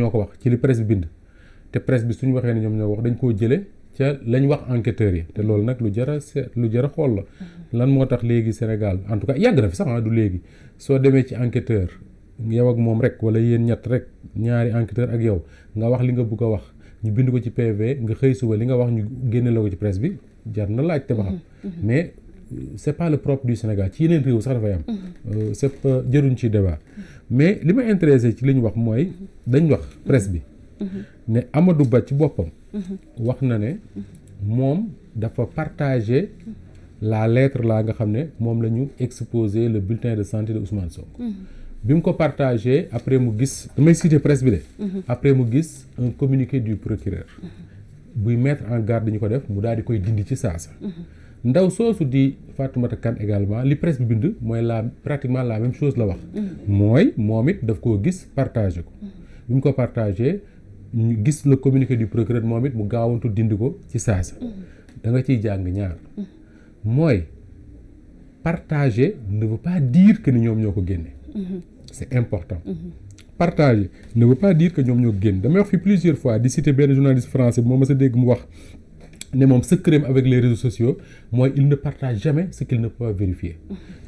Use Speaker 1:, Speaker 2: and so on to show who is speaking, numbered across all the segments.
Speaker 1: ñoo ko wax ci li presse bi bind te presse bi suñ waxee ne ñoom ñoo ko wax dañ koo jële ca lañ wax enquêteurs yi te loolu nag lu jara a lu jar a xool la mm-hmm. lan moo tax léegi Sénégal en tout cas yàgg na fi ah, du léegi soo demee ci enquêteur yow ak moom rek wala yéen ñett rek ñaari enquêteur ak yow nga wax li nga bëgg a wax ñu bind ko ci PV nga xëy suba li nga wax ñu génne la ko ci presse bi jar na laaj te ba mm-hmm. Mm-hmm. mais c'est pas le propre du Sénégal ci yeneen réew sax dafay am. Mhm. Euh, c'est jëruñ ci débat mais li ma intéressé ci li ñu wax mooy dañ wax presse bi. Mhm. ne Amadou Ba ci boppam. Mhm. wax na ne moom dafa partager la lettre là nga xam ne moom la ñu exposer le bulletin de santé de Ousmane Sonko. bi mu ko partagé après mu gis damay cité presse bi de. après mu gis un communiqué du procureur. buy mettre en garde ñu ko def mu daal di koy dindi ci saasa. ndaw soosu di Fatoumata Kane également li presse bind mooy la pratiquement la même chose la wax. Mm. mooy moom it daf koo gis partagé ko. Mm. bi mu ko partagé ñu gis le communiqué du procureur moom it mu gaawantu dindi ko ci saasa. Mm. da nga ciy jàng ñaar. mooy partager ne pas dire que ni ñoom ñoo ko génne. Mm-hmm. c'est important. Mm-hmm. partager ne veut pas dire que ñoom ñoo ko génne damay wax fi plusieurs fois di citer benn journaliste français bu ma mës dégg mu wax. ne moom secret avec les réseaux sociaux mooy il ne partage jamais ce qu'il ne peut pas vérifier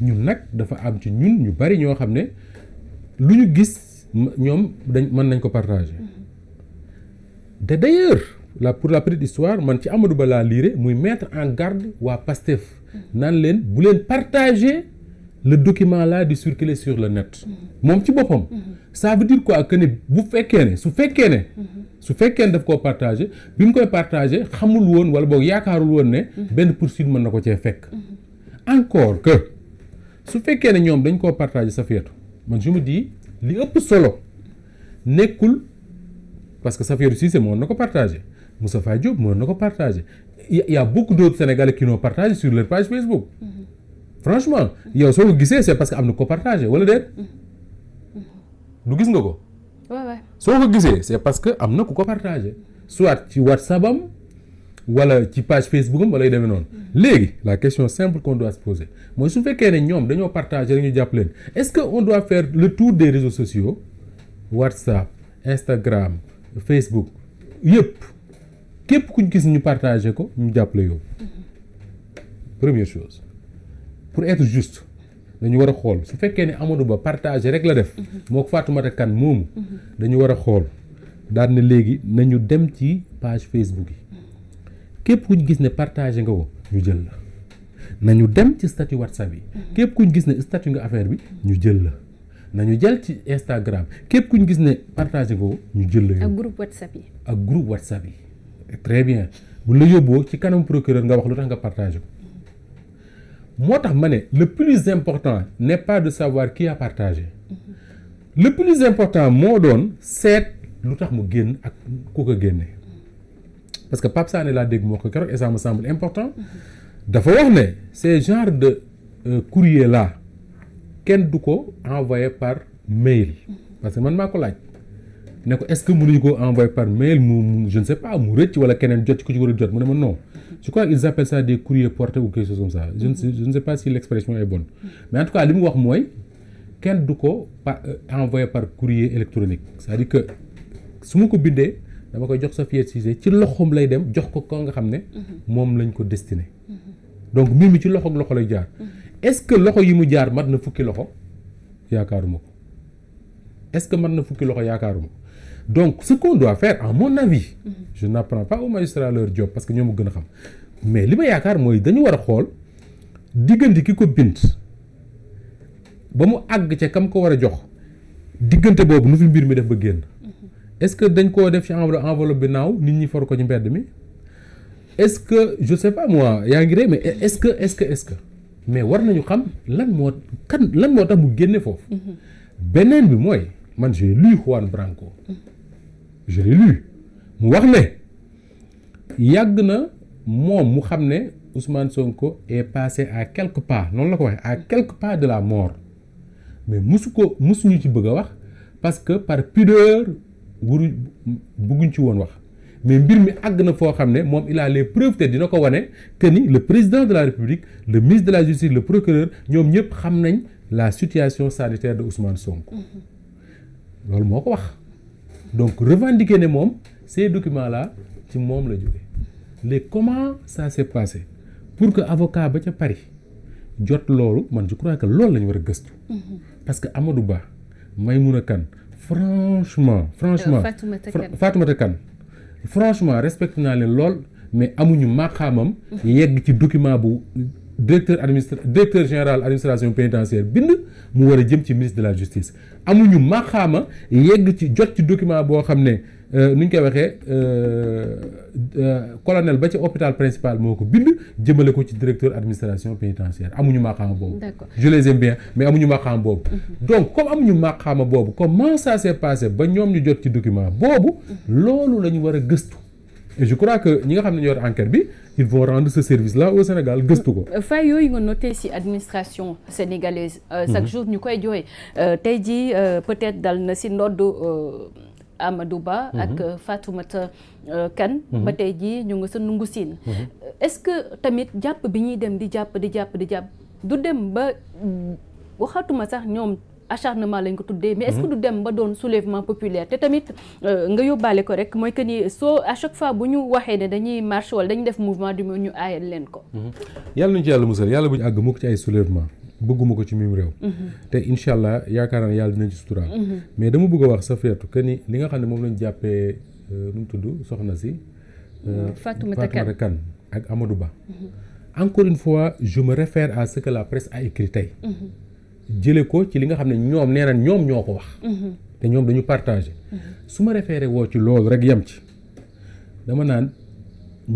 Speaker 1: nag dafa am ci ñun ñu bari ñoo xam ne lu ñu gis ñoom dañ mën nañ ko partage te d'ailleurs la pour la petite histoire man ci Amadou Ba laa liire muy mettre en garde waa PASTEF mm. naan leen bu leen partager le document là di circuler sur le net. moom ci boppam. ça veut dire quoi que ne bu fekkee ne su fekkee ne. su fekkee ne daf koo partagé bi mu koy partagé xamul woon wala boog yaakaarul woon ne. benn pour poursuite mën na ko cee fekk. encore que su fekkee ne ñoom dañ koo partagé sa feetu man je li ëpp solo nekkul parce que sa feetu Cissé na ko partage Moussa Faye Diop na ko partagé il y a beaucoup d'autres Sénégalais qui l'ont sur leur page Facebook. Mm franchement yow soo ko gisee c'est parce que am na ko partagé wala déet
Speaker 2: mm-hmm.
Speaker 1: gis nga ko. soo ko gisee c'est parce que am na ku ko partagé soit ci WhatsApp am wala ci page Facebook am wala yu demee noonu. Mm-hmm. léegi la question simple qu'on doit se poser mooy su fekkee ne ñoom dañoo partagé rek ñu jàpp leen est-ce que on doit faire le tour des réseaux sociaux WhatsApp Instagram Facebook yëpp képp ku gis ñu partagé ko ñu jàppale yow. Mm-hmm. première pour être juste dañu war a xool su fekkee ne Amadou Ba partage rek la def mhm. moo ko Fatoumata Kane moomu mhm. dañu war a xool daal na léegi nañu dem ci page Facebook yi képp ku ñu gis ne partagé nga ko ñu jël la nañu dem ci statut WhatsApp yi mhm. képp ku ñu gis ne statut nga affaire bi ñu jël la nañu jël ci Instagram képp ku ñu gis ne partagé ko ñu jël la ak
Speaker 2: groupe WhatsApp yi
Speaker 1: ak groupe WhatsApp yi très bien bu la yóbboo ci kanam procureur nga wax lu tax nga partagé ko moo tax ma ne le plus important n'est pas de savoir qui a partagé plus important moo doon seet lu tax mu génn ak ku ko génne parce que Pape Sané laa dégg moo ko keroog et ça semble important dafa wax ne ces genre de euh, courrier la kenn du ko envoyé par mail parce que man maa ko laaj ne ko est-ce que mënuñu ko envoyé par mail mu je ne sais mu rëcc wala keneen jot ci ku ci war a jot mu ne ma non je crois ils appellent ça des courriers portés ou quelque chose comme ça je ne si l'expression est mu kenn du ko pa euh, envoyé par courrier électronique c'est-à-dire su ma ko bindee dama koy jox Safiatou Cissé ci loxoom lay dem jox ko ko nga xam ne moom lañ ko destiné donc mbir mi ci loxo loxo lay jaar mm-hmm. est-ce que loxo yi mu jaar mat na fukki loxo yaakaaruma ko est-ce que mën na fukki loxo yaakaaruma donc ce qu'on doit faire à mon avis mhm. je n'apprends pas aux magistrats job parce que ñoo ma gën a xam mais li ma yaakaar mooy dañu war a xool diggante ki ko bind ba mu àgg ca kam ko war a jox diggante boobu nu fi mbir mi def ba génn mhm. est-ce que dañ koo def ci enveloppe enveloppe bi naaw nit ñi for ko ci mbedd mi est-ce que je sais pas moi yaa ngi rey mais est-ce que est-ce que que mais war nañu xam lan moo kan lan moo tax mu génne foofu mhm. beneen bi mooy man j'ai lu Juan Branco j'ai lu mu wax ne yàgg na moom mu xam ne Ousmane Sonko est passé à quelques pas noonu la ko waxe à quelques pas de la mort mais musu ko musuñu ci bëgg a wax parce que par pudeur wuru bëgguñ ci woon wax mais mbir mi àgg na foo xam ne moom il a les te dina ko wane te ni le président de la république le ministre de la justice le procureur ñoom ñëpp xam nañ la situation sanitaire de Ousmane Sonko. Mm-hmm. loolu moo ko wax donc revendiquer ne moom ces document là ci moom la jóge léegi comment ça s'est passé pour que avocat ba ca Paris jot loolu man je crois que loolu la war a gëstu. Mm-hmm. parce que Amadou Ba Maïmouna Kane franchement. franchement euh, Fatoumata Kane franchement respecté naa leen lool mais amuñu maqaamam. Mm-hmm. yegg ci document bu directeur administra directeur général administration pénitentiaire bind mu war a jëm ci ministre de la justice amuñu maaxaama yegg ci jot ci document boo xam ne euh, nu ñu koy waxee euh, euh, colonel ba ca hôpital principal moo ko bind jëmale ko ci directeur administration pénitentiaire amuñu maxaama boobu. d'accord je les aime mais amuñu maxaama boobu. Mm-hmm. donc comme amuñu maaxaama boobu comment ça s'est passé ba ñoom ñu jot ci document boobu. Mm-hmm. loolu la ñu war a gëstu. et je crois que ñi nga xam ne ñoo enquête bi ils vont rendre ce service là au Sénégal gëstu ko.
Speaker 2: Euh, fay yooyu nga noté ci administration sénégalaise. Euh, mhm. chaque jour ñu koy jooy euh, tey jii peut-être dal na ci ndodd Amadou Ba. Mhm. ak Fatoumata Kane. Mhm. ba tey jii ñu nga sa nungu siin. est-ce que tamit jàpp bi ñuy dem di jàpp di jàpp di jàpp du dem ba waxatuma sax ñoom. acharnement lañ ko tuddee mais est-ce que mhm. du dem ba doon soulèvement populaire te tamit euh, nga yóbbaale ko rek mooy que ni soo à chaque fois bu ñu waxee ne dañuy march wala dañuy def mouvement du ñu aayal leen ko mhm.
Speaker 1: yàlla nañu ci yàlla musal yàlla bu ñu àgg mukk ci ay soulèvement bëgguma ko ci mim réew mhm. te incha allah yaakaar naa yàlla dinañ ci suturaal mais dama bëgg wax sa feetu que ni li nga xam ne moom lañ jàppee euh, nu mu tudd soxna si euh, Fatoumata Kane ak Amadou Ba encore une fois je me réfère à ce la presse a écrit jële ko ci li nga xam ne ñoom nee na ñoom ñoo ko wax mhm. te ñoom dañu partagé mhm. su ma référé woo ci loolu rek yem ci dama naan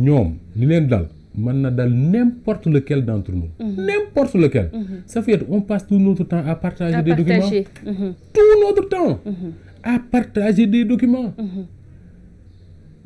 Speaker 1: ñoom ni leen dal mën na dal n'importe lequel d'entre nous mhm. n'importe lequel ça fait on passe tout notre temps à partager des documents tout notre temps à partager des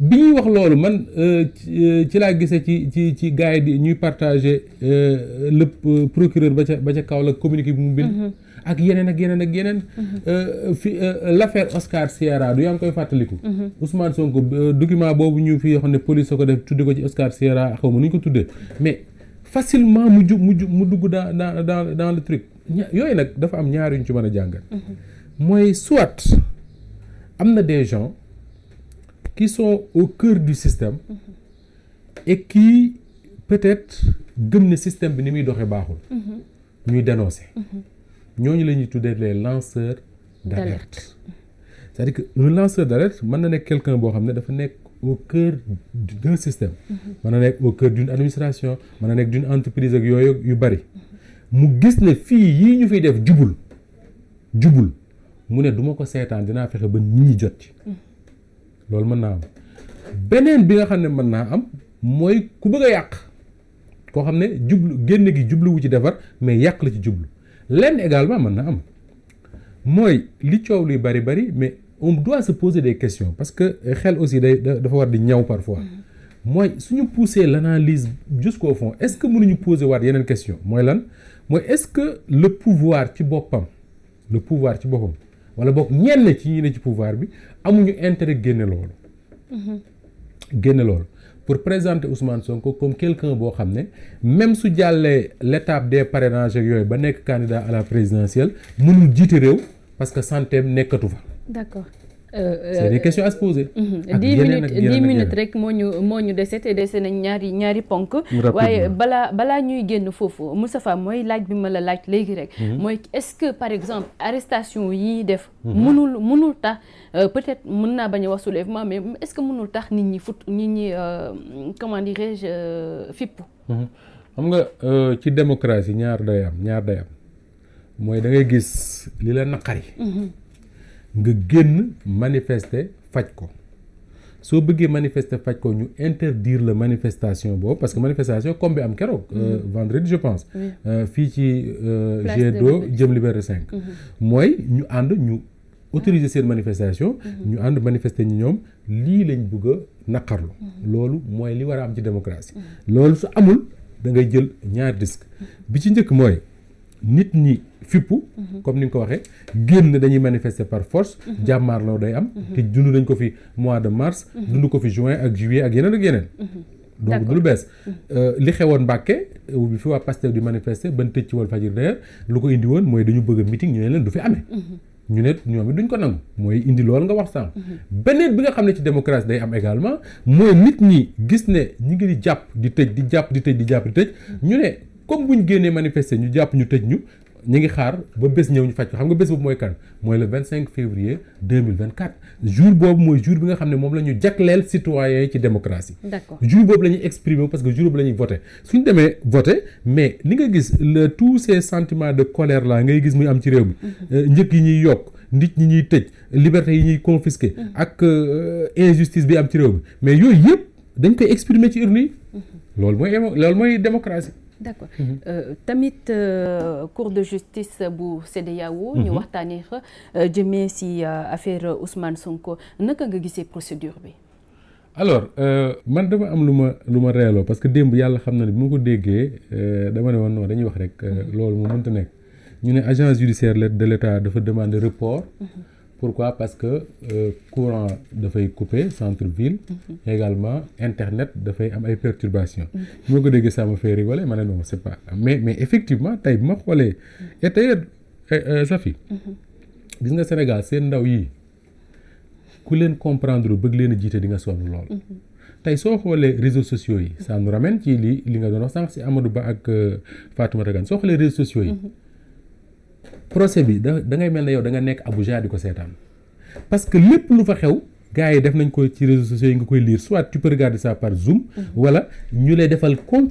Speaker 1: bi ñuy wax loolu man euh, euh, ci laa gisee ci ci ci gars yi di ñuy partager euh, le procureur ba ca ba ca kaw la communiqué bi mu bind. Mhm. ak yeneen ak yeneen ak yeneen. Mhm. fi l' affaire Oscar Sierra du yaa ngi koy fàttaliku. Mhm. Ousmane Sonko document boobu ñu fi yoo xam ne police a ko def tudde ko ci Oscar Sierra xaw ma nu ñu ko tuddee mais facilement mu ju mu ju mu dugg dans dans dans le truc yooyu nag dafa am ñaar yu ñu ci mën a jàngal. mooy soit am na des gens. qui sont au cœur du système et qui peut-être gëm ne système bi ni muy doxee baaxul mhm. ñuy dénoncer mhm. ñooñu la ñuy tuddee les lanceur d'alerte cest à que un lanceur d'alerte mën na ne quelqu'un boo xam ne dafa nekk au cœur d'un système mhm. mën na nekk au cœur d'une administration mën na nekk d'une entreprise ak yooyu yu bari mu gis ne fii yii ñu fiy def jubul jubul mu ne duma ko seetaan dinaa fexe ba nit jot ci loolu mën naa am beneen bi nga xam ne mën naa am mooy ku bëgg a yàq koo xam ne jublu génne gi jubluwu ci defar mais yàq la ci jublu lenn également mën na am mooy li coow luy bari bari mais on doit se poser des questions parce que xel aussi day dafa war di ñaw parfois mm-hmm. mooy suñu pousser l'analyse jusqu'au fond est-ce que mënuñu poser waat yeneen question mooy lan mooy est-ce que le pouvoir ci boppam le pouvoir ci boppam wala boog ñenn ci ñi ne ci pouvoir bi amuñu intérêt génne loolu. génne loolu pour présenter Ousmane Sonko comme quelqu'un boo xam ne même su jàllee l'étape des parrainages yooyu ba nekk candidat à la présidentielle mënul jiite réew parce que santeem nekkatu fa.
Speaker 2: d'accord. Euh, c'est euh, des questions à
Speaker 1: se poser. Mhm. ak yeneen ak minutes rek
Speaker 2: moo ñu moo ñu dese te dese nañ ñaari ñaari ponk. waaye balaa balaa ñuy génn foofu Moustapha mooy laaj bi ma la laaj léegi rek. Mhm. mooy est-ce que par exemple arrestation yi def. mënul mhm. mënul tax euh, peut-être mën naa bañ a wax soulèvement mais est-ce que mënul tax nit ñi fut nit ñi comment dirais-je fippu.
Speaker 1: xam nga ci démocratie ñaar day am ñaar day am mooy da ngay gis li la naqari. nga génn manifester faj ko soo bëggee manifester faj ko ñu interdire la manifestation boobu parce que manifestation comme bi am keroog. Euh, mm-hmm. vendredi je pense. Euh, fii ci euh, G2 jëm Liberté cinq mm-hmm. mooy ñu ànd ñu autoriser seen manifestation. Mm-hmm. ñu ànd manifester ñu ñoom lii lañ bëgg a naqarlu. loolu mooy li war a am ci démocratie. loolu su amul da ngay jël ñaar risque bi ci njëkk mooy. nit ñi fippu mhm. comme ni nga ko waxee génn dañuy manifester par force mhm. jàmmaarloo day am mhm. te dund dañ ko fi mois de mars dund ko fi juin ak juillet ak yeneen ak yeneen donc du lu bees euh, li xewoon Mbàkke euh, bi fi waa Pastef di manifester ban tëj ci Walfadjri d'ailleurs lu ko indi woon mooy dañu bëgg a meeting ñu ne leen du fi amee ñu ne ñoom it duñ ko nangu mooy indi loolu nga wax sànq. beneen bi nga xam ne ci démocratie day am également mooy nit ñi gis ne ñi ngi di jàpp di tëj di jàpp di tëj di jàpp di ñu ne comme bu ñu génnee manifester ñu jàpp ñu tëj ñu ñu ngi xaar ba bés ñëw ñu faj ko xam nga bés boobu mooy kan mooy le 25 février 2024 jour boobu mooy jour bi nga xam ne moom la ñu jagleel citoyens yi ci démocratie. d'accord jour boobu la ñuy exprimer parce que jour boobu la ñuy voté suñu demee voté mais li nga gis le tous ces sentiments de colère laa ngay gis muy am ci réew mi. Mhm. Euh, njëkk yi ñuy yokk. nit ñi ñuy tëj liberté yi ñuy confisqué. Mhm. ak euh, injustice bi am ci réew bi mais yooyu yëpp dañ koy exprimer ci urne mhm. loolu mooy loolu mooy démocratie. d' accord mhm.
Speaker 2: euh, tamit euh, cour de justice bu CEDEAO. Mhm. ñu waxtaanee fa euh, jëmee si affaire Ousmane Sonko naka nga gisee procédure bi.
Speaker 1: alors man dama am lu ma lu ma reeloo parce que démb yàlla xam na ne bi ma ko déggee dama ne woon non dañuy wax rek. Mhm. loolu mu mënta nekk ñu ne agence judiciaire de l' état dafa demander report. pourquoi parce que euh, courant dafay coupé centre ville. Mhm. également internet dafay am ay perturbations. Mhm. bi ma ko déggee ça ma fait rigoler ma ne non c'est pas mais mais effectivement tey bi ma xoolee. et tey eh, euh, Safi. Mhm. gis nga Sénégal seen ndaw yi ku leen comprendre bëgg leen a jiite di nga sonn lool. tey soo xoolee réseaux sociaux yi. ça nous ramène ci li li nga doon wax sànq si Amadou Ba ak euh, Fatoumata Gane soo xoolee réseaux sociaux yi. mm procès bi da da ngay mel ne yow da nga nekk Abuja di ko seetaan parce que lépp lu fa xew gars yi def nañ ko ci réseaux sociaux yi nga koy lire soit tu peux regarder ça par Zoom. Mhm. wala ñu lay defal compte.